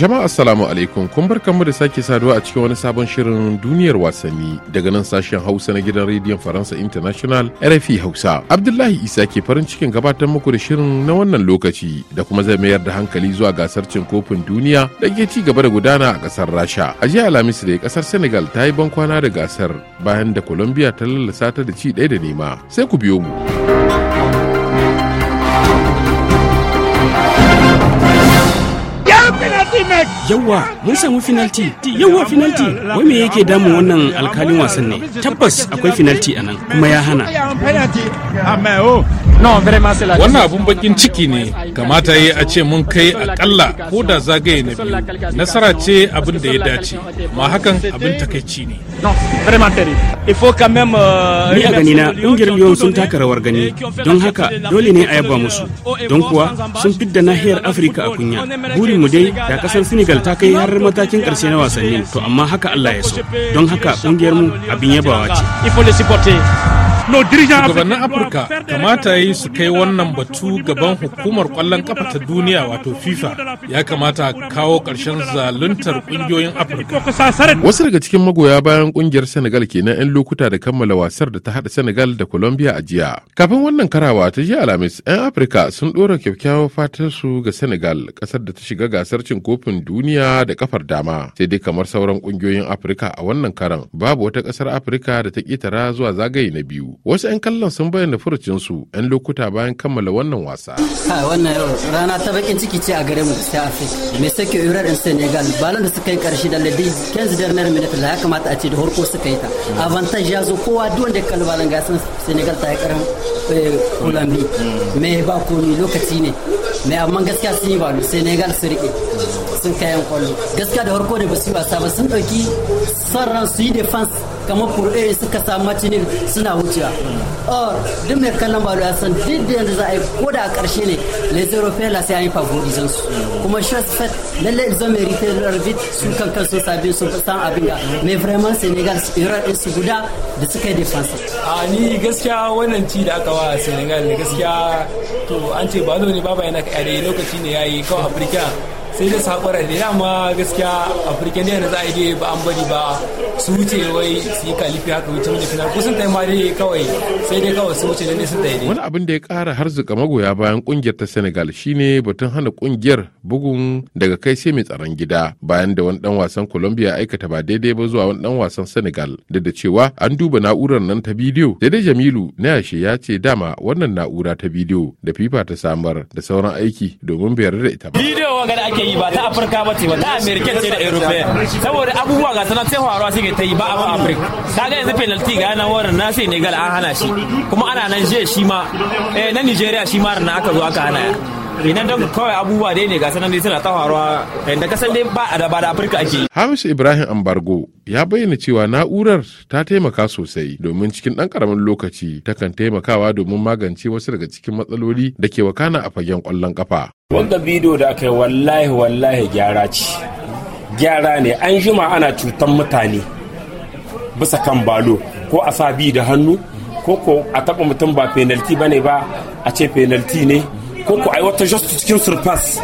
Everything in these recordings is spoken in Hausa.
Jama'a assalamu alaikum kun barkanmu da sake saduwa a cikin wani sabon shirin duniyar wasanni daga nan sashen Hausa na gidan rediyon Faransa International RFI Hausa. Abdullahi Isa ke farin cikin gabatar muku da shirin na wannan lokaci da kuma zai mayar da hankali zuwa gasar cin kofin duniya da ke ci gaba da gudana a kasar Rasha. A jiya Alhamis da kasar Senegal ta yi bankwana da gasar bayan da Colombia ta lallasa ta da ci ɗaya da nema. Sai ku biyo mu. yawwa mun samu finalti yawwa finalti wai me yake damun wannan alkalin wasan ne tabbas akwai finalti nan kuma ya hana oh. wannan abun bakin ciki ne kamata yi a ce mun kai akalla ko da zagaye na biyu nasara ce abin da ya dace ma hakan abin takaici ne Euh, Ni a ganina ƙungiyar yau sun taka rawar gani don haka dole ne a yaba euh, musu don kuwa sun fidda nahiyar Afirka a kunya. Burin mu dai da kasar Senegal ta kai har matakin ƙarshe na wasannin to amma haka Allah ya so don haka ƙungiyar mu abin yabawa ce. shugabannin afirka kamata yi su kai wannan batu gaban hukumar kwallon kafa ta duniya wato fifa ya kamata kawo karshen zaluntar kungiyoyin afirka wasu daga cikin magoya bayan kungiyar senegal ke kenan 'yan lokuta da kammala wasar da ta hada senegal da colombia a jiya kafin wannan karawa ta jiya alhamis 'yan afirka sun ɗora kyakkyawar fatar su ga senegal ƙasar da ta shiga gasar cin kofin duniya da kafar dama sai dai kamar sauran kungiyoyin afirka a wannan karan babu wata ƙasar afirka da ta ƙetara zuwa zagaye na biyu wasu 'yan kallon sun bayyana furucinsu 'yan lokuta bayan kammala wannan wasa. Ha wannan yau rana ta bakin ciki ce a gare mu ta afirka Me sake yurar in senegal balon da suka yi karshe da ladi kenzi da nan minita ya kamata a ce da horko suka yi ta avantage ya zo kowa duk wanda ya kalli balon gasan senegal ta yi karan kulambi eh, mm. Me ba komi lokaci ne mai amma gaskiya sun yi ba senegal su rike sun kayan kwallo gaskiya da harko da ba su yi wasa ba sun ɗauki son ran su yi defense kamar furɗe suka samu macinin suna wucewa or oh, duk mai kallon ba ya san duk da yanzu za a yi ko da a ƙarshe ne les europeens la sai an yi favorizan su kuma chose fait lalle ils ont mérité leur vite su kan kan sun sabi sun san abin ga mais vraiment senegal erreur ɗin su guda da suka yi defense a ni gaskiya wannan ci da aka wa senegal ne gaskiya to an ce balo ne baba yana kare lokaci ne yayi kawai afirka sai da sakwarar da yamma gaskiya afirka ne da za a yi ba an bari ba su wuce wai su yi kalifi haka wuce wani final kusan ta ma kawai sai dai kawai su wuce da nisan ta wani abin da ya kara harzuka magoya bayan kungiyar ta senegal shine batun hana kungiyar bugun daga kai sai mai tsaron gida bayan da wani dan wasan colombia aikata ba daidai ba zuwa wani dan wasan senegal duk da cewa an duba na'urar nan ta bidiyo daidai jamilu na yashe ya ce dama wannan na'ura ta bidiyo da fifa ta samar da sauran aiki domin bayar da ita ba bidiyo wanga da ake yi ba ta afirka ba ce ba ta amerika ce da europe saboda abubuwa ga sanan sai faruwa suke ta yi ba a ta ga yanzu penalty ga yana warin na sai ne gal an hana shi kuma ana nan je shi ma eh na nigeria shi ma na aka zo aka hana idan don kawai abubuwa dai ne ga sanan dai suna ta faruwa da kasan dai ba da ba da afirka ake hamisu ibrahim ambargo ya bayyana cewa na'urar ta taimaka sosai domin cikin ɗan karamin lokaci takan taimakawa domin magance wasu daga cikin matsaloli da ke wakana a fagen kwallon kafa wanda bidiyo da aka yi wallahi wallahi gyara ce gyara ne an jima ana cutan mutane bisa kan balo ko a sa bi da hannu ko ko a taba mutum ba penalty bane ba a ce penalty ne ko ko ai wata just cikin surpass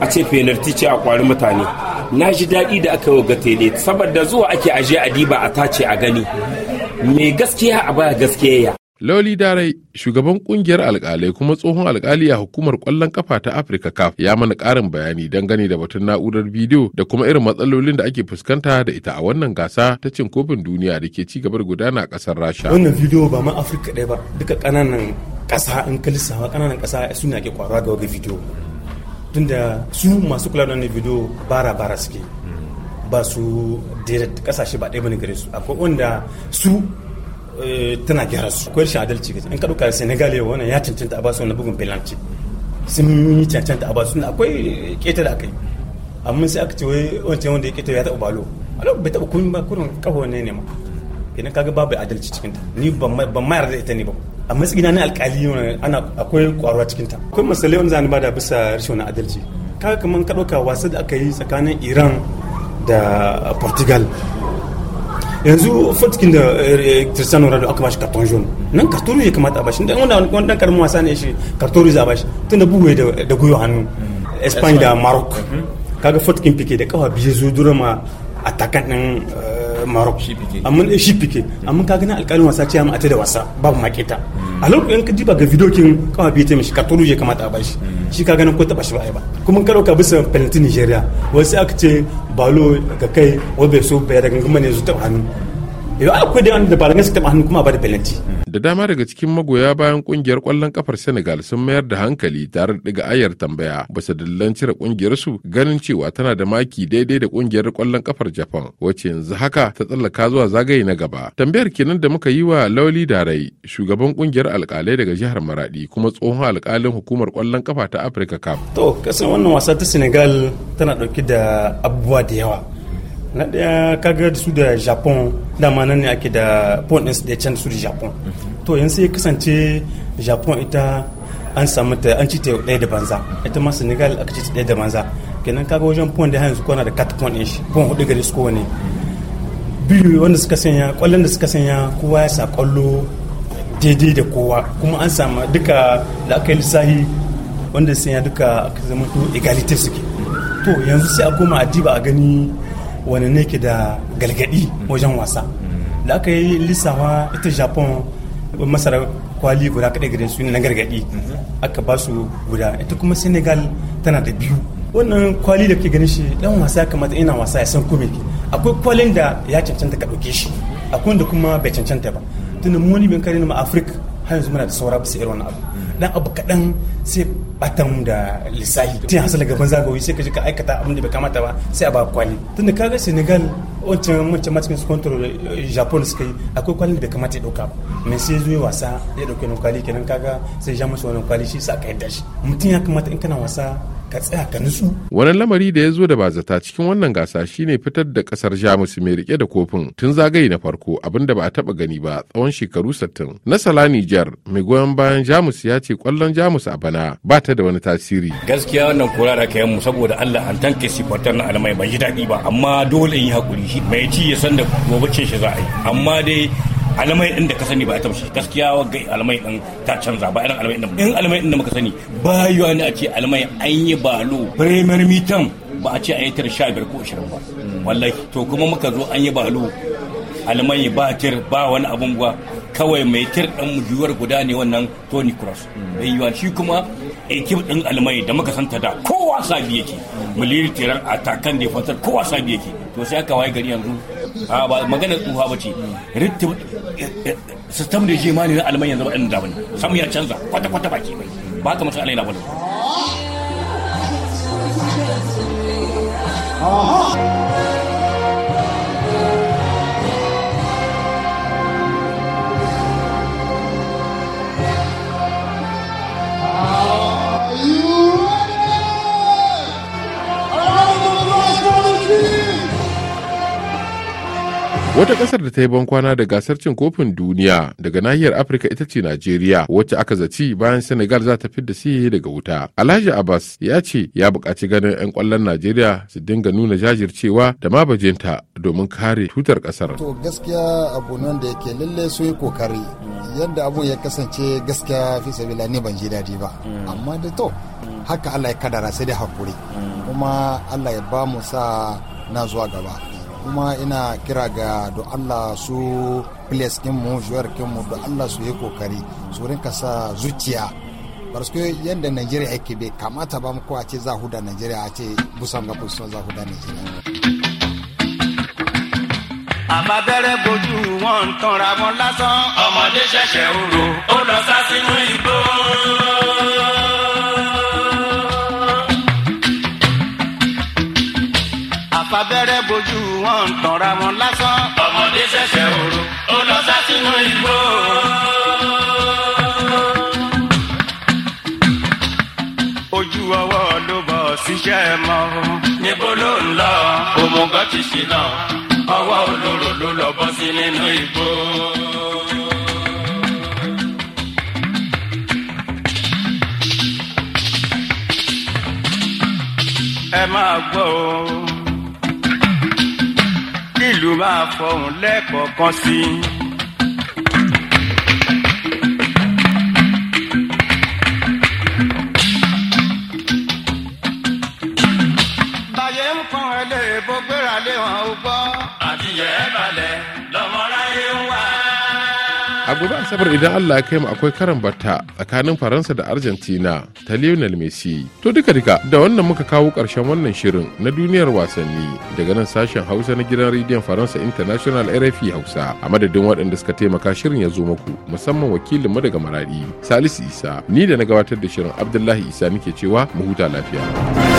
a ce penalty ce a kwari mutane na ji daɗi da aka yi ga tele saboda zuwa ake aje a a tace a gani mai gaskiya a baya gaskiya Loli Darai, shugaban kungiyar alkalai kuma tsohon alkali a hukumar kwallon kafa ta Afirka CAF ya mana karin bayani dangane da batun na'urar bidiyo da kuma irin matsalolin da ake fuskanta da ita a wannan gasa ta cin kofin duniya da ke ci gaba da gudana a kasar Rasha. Wannan bidiyo ba ma Afirka ɗaya ba duka kananan ƙasa in ka lissafa ƙananan ƙasa suna ke kwaruwa ga wani bidiyo. Tunda su masu kula da wannan bidiyo bara bara suke ba su direct ƙasashe ba ɗaya bane gare su akwai wanda su Eh, tana gyara su ko rashin adalci gaji in ka ɗauka senegal yau wannan ya cancanta a basu wani bugun penalty sun yi cancanta a basu akwai keta da aka yi amma sai aka ce wai wancan wanda ya keta ya taɓa balo alo bai taɓa kun ba kurin kafa ne ne ma kenan kaga babu adalci cikin ta ni ban mayar da ita ne ba a gina ni alkali ana akwai kwaruwa cikin ta akwai misalai wanda ba da bisa rashin adalci kaga kaman ka ɗauka wasa da aka yi tsakanin iran da portugal yanzu fotkin da eh, cristiano ronaldo aka bashi karton jaune nan karton rouge ya kamata a bashi dan wani dan karamin wasa ne shi karton rouge a bashi tunda bugu da gwiwa hannu hmm. espanya da maroc mhm. kaga fotkin pike da kawa biyu zo durama atakan din eh, Maroc amma ne shi fike amma ka gani alƙalin wasa ce amma ta da wasa babu maketa a lokacin ka diba ga vidokin kama bai taimishi ka tolu je kamata a bashi mm. shi ka gani ko ta bashi ba ai ba kuma ka dauka bisa penalty Nigeria wasu aka ce balo ga kai wabe so bayar da gangan ne zuwa hannu yau akwai da wanda ba da su taba hannu kuma ba da penalty da dama daga cikin magoya bayan kungiyar kwallon kafar senegal sun mayar da hankali tare da daga ayar tambaya su dillan cire kungiyar su ganin cewa tana da maki daidai da kungiyar kwallon kafar japan wacce yanzu haka ta tsallaka zuwa zagaye na gaba tambayar kenan da muka yi wa lauli darai shugaban kungiyar alkalai daga jihar maradi kuma tsohon alkalin hukumar kwallon kafa ta afirka cup to kasan wannan wasa ta senegal tana dauke da abubuwa da yawa na daya kaga da su da japan dama nan ne ake da pon ɗinsu da can su da japan to yanzu sai kasance japan ita an samu ta an ci ta ɗaya da banza ita ma senegal aka ci ta ɗaya da banza kenan kaga wajen pon da yanzu kwana da kat pon ɗin shi pon hudu gari su ne biyu wanda suka sanya kwallon da suka sanya kowa ya sa kwallo daidai da kowa kuma an samu duka da aka yi lissahi wanda sanya duka aka zama to egalitive suke to yanzu sai a koma a diba a gani wani ne ke da galgadi wajen wasa da aka yi lissafa ita japan masara kwali guda kaɗai gare su na gargaɗi aka ba su guda ita kuma senegal tana da biyu wannan kwali da ke ganin shi dan wasa kamata ina wasa ya san kome akwai kwalin da ya cancanta ka ɗauke shi akwai da kuma bai cancanta ba mu muni bin kare na afirka har yanzu muna da saura bisa irin abu dan abu kaɗan sai batan da lissahi tun hasala gaban zagayoyi sai ka ji ka aikata abin da bai kamata ba sai a ba kwali tunda ka ga senegal wancan wancan match su control eh, japan suka yi akwai kwalin da kamata ya ɗauka ba mai sai zuwa wasa ya ɗauke nan kwali kenan kaga sai ja musu wannan kwali shi sa ka yadda shi mutum ya kamata in kana wasa ka tsaya ka nutsu. Wani lamari da ya zo da bazata cikin wannan gasa shine fitar da kasar Jamus mai rike da kofin tun zagaye na farko abinda ba a taba gani ba tsawon shekaru 60. Nasala Nijar mai goyon bayan Jamus ya ce kwallon Jamus a bana ba ta da wani tasiri. Gaskiya wannan kura da kayan mu saboda Allah an tanke sifatar na alamai ban yi daɗi ba amma dole in yi hakuri shi mai ci ya san da gobe ce shi za a yi amma dai alamai din da ka sani ba a ba gaskiya ga alamai din ta canza ba irin alamai din in alamai din da muka sani ba yiwa ne a ce alamai an yi balo premier mitan ba a ce an yi tar sha ko 20 ba wallahi to kuma muka zo an yi balo alamai ba tir ba wani abun gwa kawai mai tir ɗan juwar guda ne wannan tony cross bai yiwa shi kuma ekip din alamai da muka santa da kowa sabi yake miliyar tiran atakan da fatar kowa sabi yake to sai aka waye gari yanzu a ba magana tsuha ba ce rittim sistem da yake imani na alman yanzu ba irin da bane samu ya canza kwata kwata baki bai ba ka mutu alaina bane Aha! Wata kasar da ta yi bankwana da gasar cin kofin duniya daga nahiyar Afirka ita ce Najeriya wacce aka zaci bayan Senegal za ta fidda siye daga wuta. Alhaji Abbas ya ce ya buƙaci ganin 'yan kwallon Najeriya su dinga nuna jajircewa da ma bajinta domin kare tutar kasar. To gaskiya abu nan da yake lalle su yi kokari yadda abu ya kasance gaskiya fi sabila ne ban ji daɗi ba mm. amma da to haka Allah ya kadara sai dai hakuri mm. kuma Allah ya ba mu sa na zuwa gaba. kuma ina kira ga do Allah su players kinmu joueur mu do Allah su yi kokari su rinka sa zuciya parce yadda Najeriya yake bai kamata ba ko a ce za huda Najeriya a ce busan ga busan za huda Najeriya. Àbábẹ́rẹ́ bojú wọn ń tanra wọn lásán. Ọmọdé ṣẹ̀ṣẹ̀ ń ro, ó lọ sá sínú igbó. ojú ọwọ́ ló bọ̀ síṣẹ́ mọ́. níbo ló ń lọ òmùgọ̀ ti ṣìnà ọwọ́ olóró ló lọ bọ́ sí nínú igbó. ẹ máa gbọ́ o ìlú máa fọhùn lẹ́ẹ̀kọ̀ọ̀kan sí i. a gobe asabar idan allah ya kai mu akwai karan batta tsakanin faransa da argentina ta lionel messi to duka duka da wannan muka kawo karshen wannan shirin na duniyar wasanni daga nan sashen hausa na gidan rediyon faransa international rfi hausa a madadin waɗanda suka taimaka shirin ya zo muku musamman wakilin mu daga maradi salisu isa ni da na gabatar da shirin abdullahi isa nake cewa mu huta lafiya